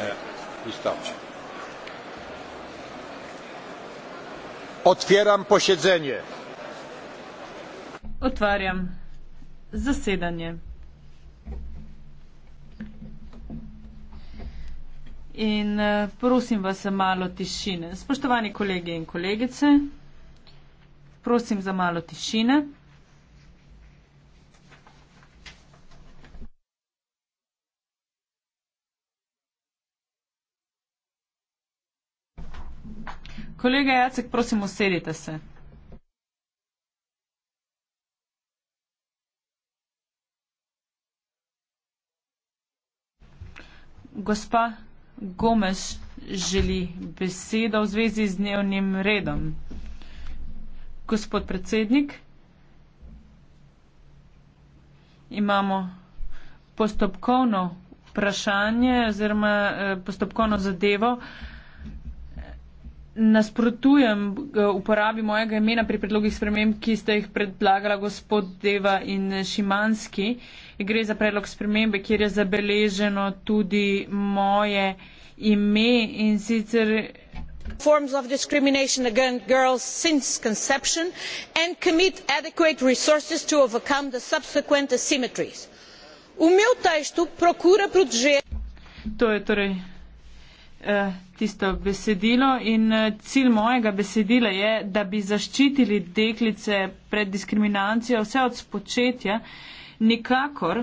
E, istocie. Otwieram posiedzenie. Otwieram zasiedanie. In e, prosim vas za malo tišine. Spoštovani kolegi in kolegice, prosim za malo tišine. Kolega Jacek, prosim, usedite se. Gospa Gomez želi besedo v zvezi z dnevnim redom. Gospod predsednik, imamo postopkovno vprašanje oziroma eh, postopkovno zadevo nasprotujem eh, uporabi mojega imena pri predlogih sprememb, ki ste jih predlagala gospod Deva in Šimanski. Gre za predlog spremembe, kjer je zabeleženo tudi moje ime in sicer. Forms of discrimination against girls since conception and commit adequate resources to overcome the subsequent asymmetries. O meu texto procura proteger. Torej, torej. Eh, tisto besedilo in eh, cilj mojega besedila je, da bi zaščitili deklice pred diskriminacijo vse od spočetja, nikakor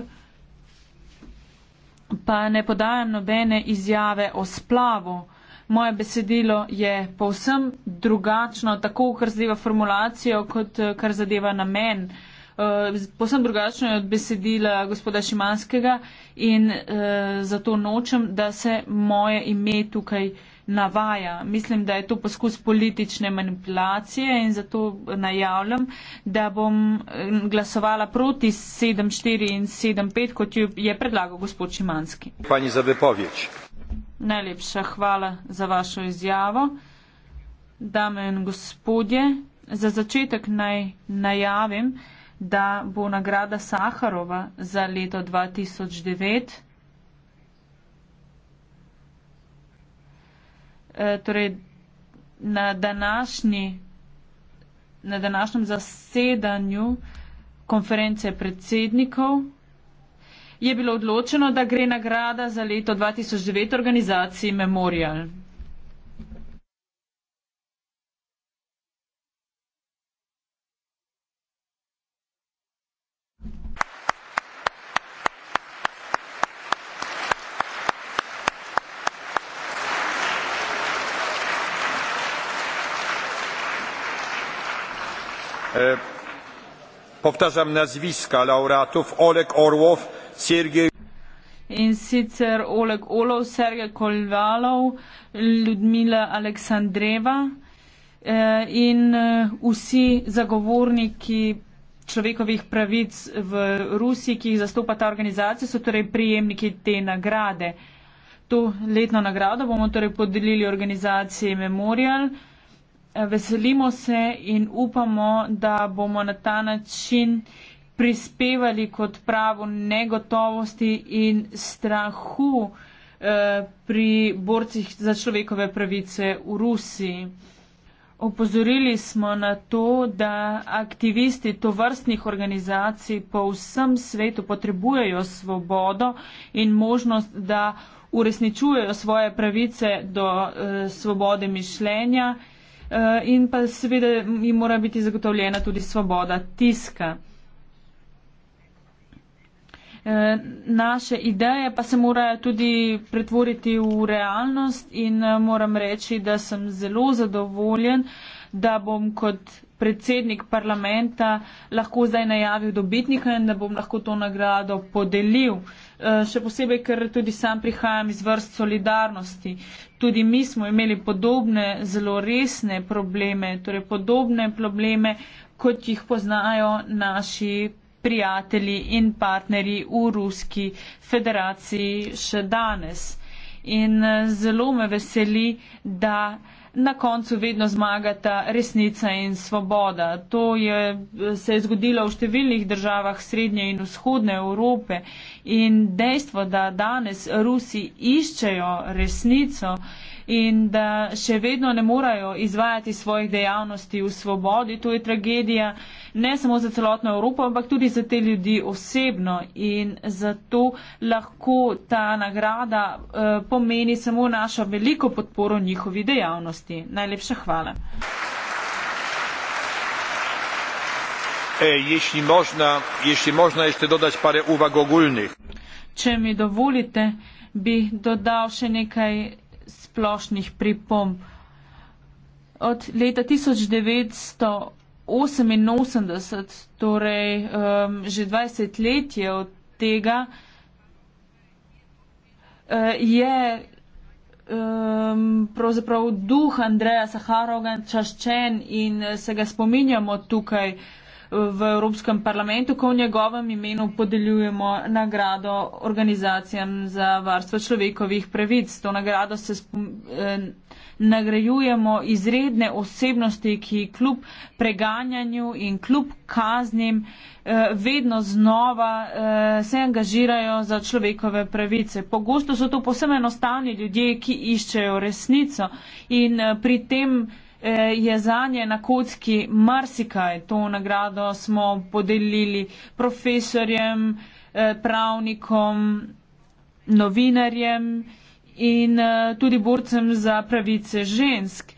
pa ne podajam nobene izjave o splavu. Moje besedilo je povsem drugačno, tako kar zadeva formulacijo, kot eh, kar zadeva namen. Uh, Eh, posebno drugačno je od besedila gospoda Šimanskega in uh, zato nočem, da se moje ime tukaj navaja. Mislim, da je to poskus politične manipulacije in zato najavljam, da bom eh, glasovala proti 7.4 in 7.5, kot jo je predlagal gospod Šimanski. Pani za vepovič. Najlepša hvala za vašo izjavo. Dame in gospodje, za začetek naj najavim, da bo nagrada Saharova za leto 2009, e, torej na, današnji, na današnjem zasedanju konference predsednikov, je bilo odločeno, da gre nagrada za leto 2009 organizaciji Memorial. E, powtarzam nazwiska laureatów oleg orłow siergiej in sicer oleg orlov sergej kovalov ljudmila aleksandrijeva e, in e, vsi zagovorniki človekovih pravic v rusiji ki jih zastopa ta organizacija so torej prijemniki te nagrade to letno nagrado bomo torej podelili organizaciji memorial ki veselimo se in upamo, da bomo na ta način prispevali kot pravu negotovosti in strahu eh, pri borcih za človekove pravice v Rusiji. Opozorili smo na to, da aktivisti tovrstnih organizacij po vsem svetu potrebujejo svobodo in možnost, da uresničujejo svoje pravice do eh, svobode mišljenja. Eh, in pa seveda jim mora biti zagotovljena tudi svoboda tiska. Eh, naše ideje pa se morajo tudi pretvoriti v realnost in eh, moram reči, da sem zelo zadovoljen, da bom kot predsednik parlamenta lahko zdaj najavil dobitnika in da bom lahko to nagrado podelil. Eh, še posebej, ker tudi sam prihajam iz vrst solidarnosti. Tudi mi smo imeli podobne, zelo resne probleme, torej podobne probleme, kot jih poznajo naši prijatelji in partnerji v Ruski federaciji še danes in eh, zelo me veseli, da na koncu vedno zmagata resnica in svoboda. To je, eh, se je zgodilo v številnih državah srednje in vzhodne Evrope in dejstvo, da danes Rusi iščejo resnico in da še vedno ne morajo izvajati svojih dejavnosti v svobodi, to je tragedija ne samo za celotno Evropo, ampak tudi za te ljudi osebno. In zato lahko ta nagrada eh, pomeni samo našo veliko podporo njihovi dejavnosti. Najlepša hvala. E, ješi možna, ješi možna ješte dodać pare uvag ogulnih. Če mi dovolite, bi dodal še nekaj splošnih pripomb. Od leta 1900. 88, torej um, že 20 let je od tega, uh, je um, pravzaprav duh Andreja Saharoga čaščen in uh, se ga spominjamo tukaj v Evropskem parlamentu, ko v njegovem imenu podeljujemo nagrado organizacijam za varstvo človekovih pravic. To nagrado se eh, nagrajujemo izredne osebnosti, ki kljub preganjanju in kljub kaznim eh, vedno znova eh, se angažirajo za človekove pravice. Pogosto so to posebno enostavni ljudje, ki iščejo resnico in pri tem Eh, je za nje na kocki marsikaj. To nagrado smo podelili profesorjem, eh, pravnikom, novinarjem in eh, tudi borcem za pravice žensk.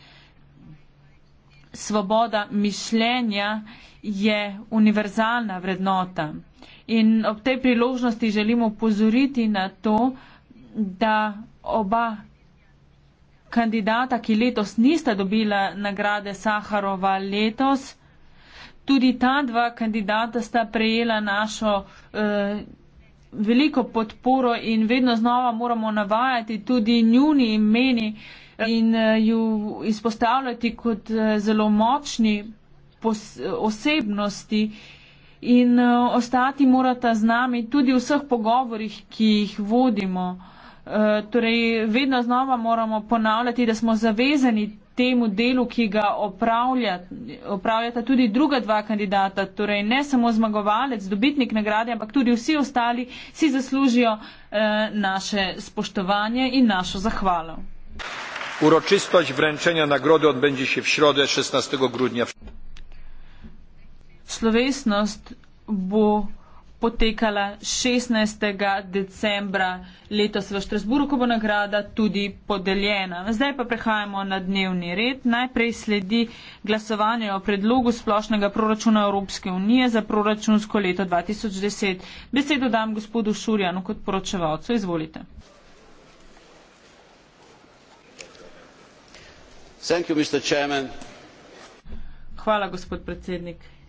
Svoboda mišljenja je univerzalna vrednota. In ob tej priložnosti želimo pozoriti na to, da oba kandidata, ki letos nista dobila nagrade Saharova letos. Tudi ta dva kandidata sta prejela našo eh, veliko podporo in vedno znova moramo navajati tudi njuni imeni in eh, ju izpostavljati kot eh, zelo močni osebnosti in uh, ostati morata z nami tudi v vseh pogovorih, ki jih vodimo. Uh, Eh, torej, vedno znova moramo ponavljati, da smo zavezani temu delu, ki ga opravlja, opravljata tudi druga dva kandidata, torej ne samo zmagovalec, dobitnik nagrade, ampak tudi vsi ostali si zaslužijo eh, naše spoštovanje in našo zahvalo. Uročistoč vrenčenja nagrode odbenđi še v šrode 16. grudnja. Slovesnost bo potekala 16. decembra letos v Štrasburu, ko bo nagrada tudi podeljena. Zdaj pa prehajamo na dnevni red. Najprej sledi glasovanje o predlogu splošnega proračuna Evropske unije za proračunsko leto 2010. Besedo dam gospodu Šurjanu kot poročevalcu. Izvolite. Hvala, gospod predsednik.